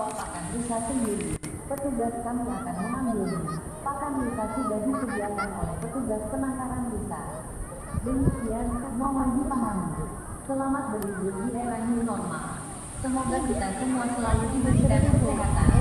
membawa pakan bisa sendiri. Petugas kami akan mengambilnya. Pakan bisa sudah disediakan oleh petugas penangkaran bisa. Demikian, mohon dipahami. Selamat berlibur di era new normal. Semoga kita semua selalu diberikan kesehatan.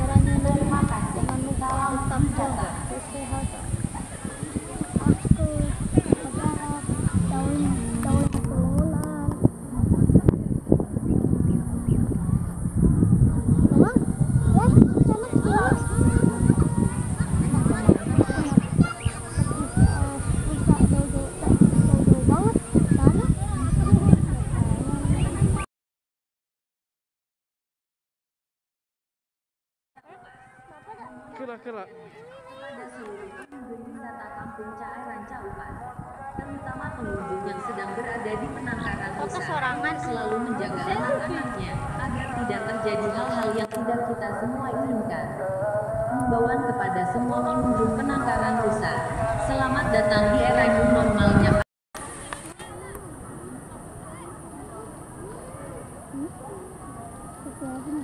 kira kira kepada seluruh pengunjung wisata Kampung Cai Rancaupan, terutama pengunjung yang sedang berada di penangkaran wisata, selalu menjaga anak-anaknya agar tidak terjadi hal-hal yang tidak kita semua inginkan. Himbauan kepada semua pengunjung penangkaran rusa, selamat datang di era new normalnya. Huh? Hmm?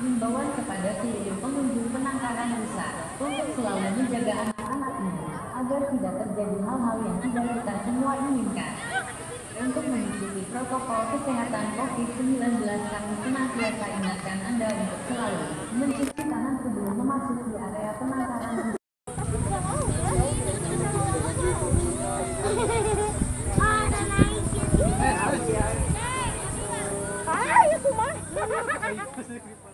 himbauan kepada seluruh pengunjung penangkaran rusa untuk selalu menjaga anak-anak ini agar tidak terjadi hal-hal yang tidak kita semua inginkan. Untuk mengikuti protokol kesehatan COVID-19, kami senantiasa ingatkan Anda untuk selalu mencuci tangan sebelum memasuki area penangkaran rusa. Thank you.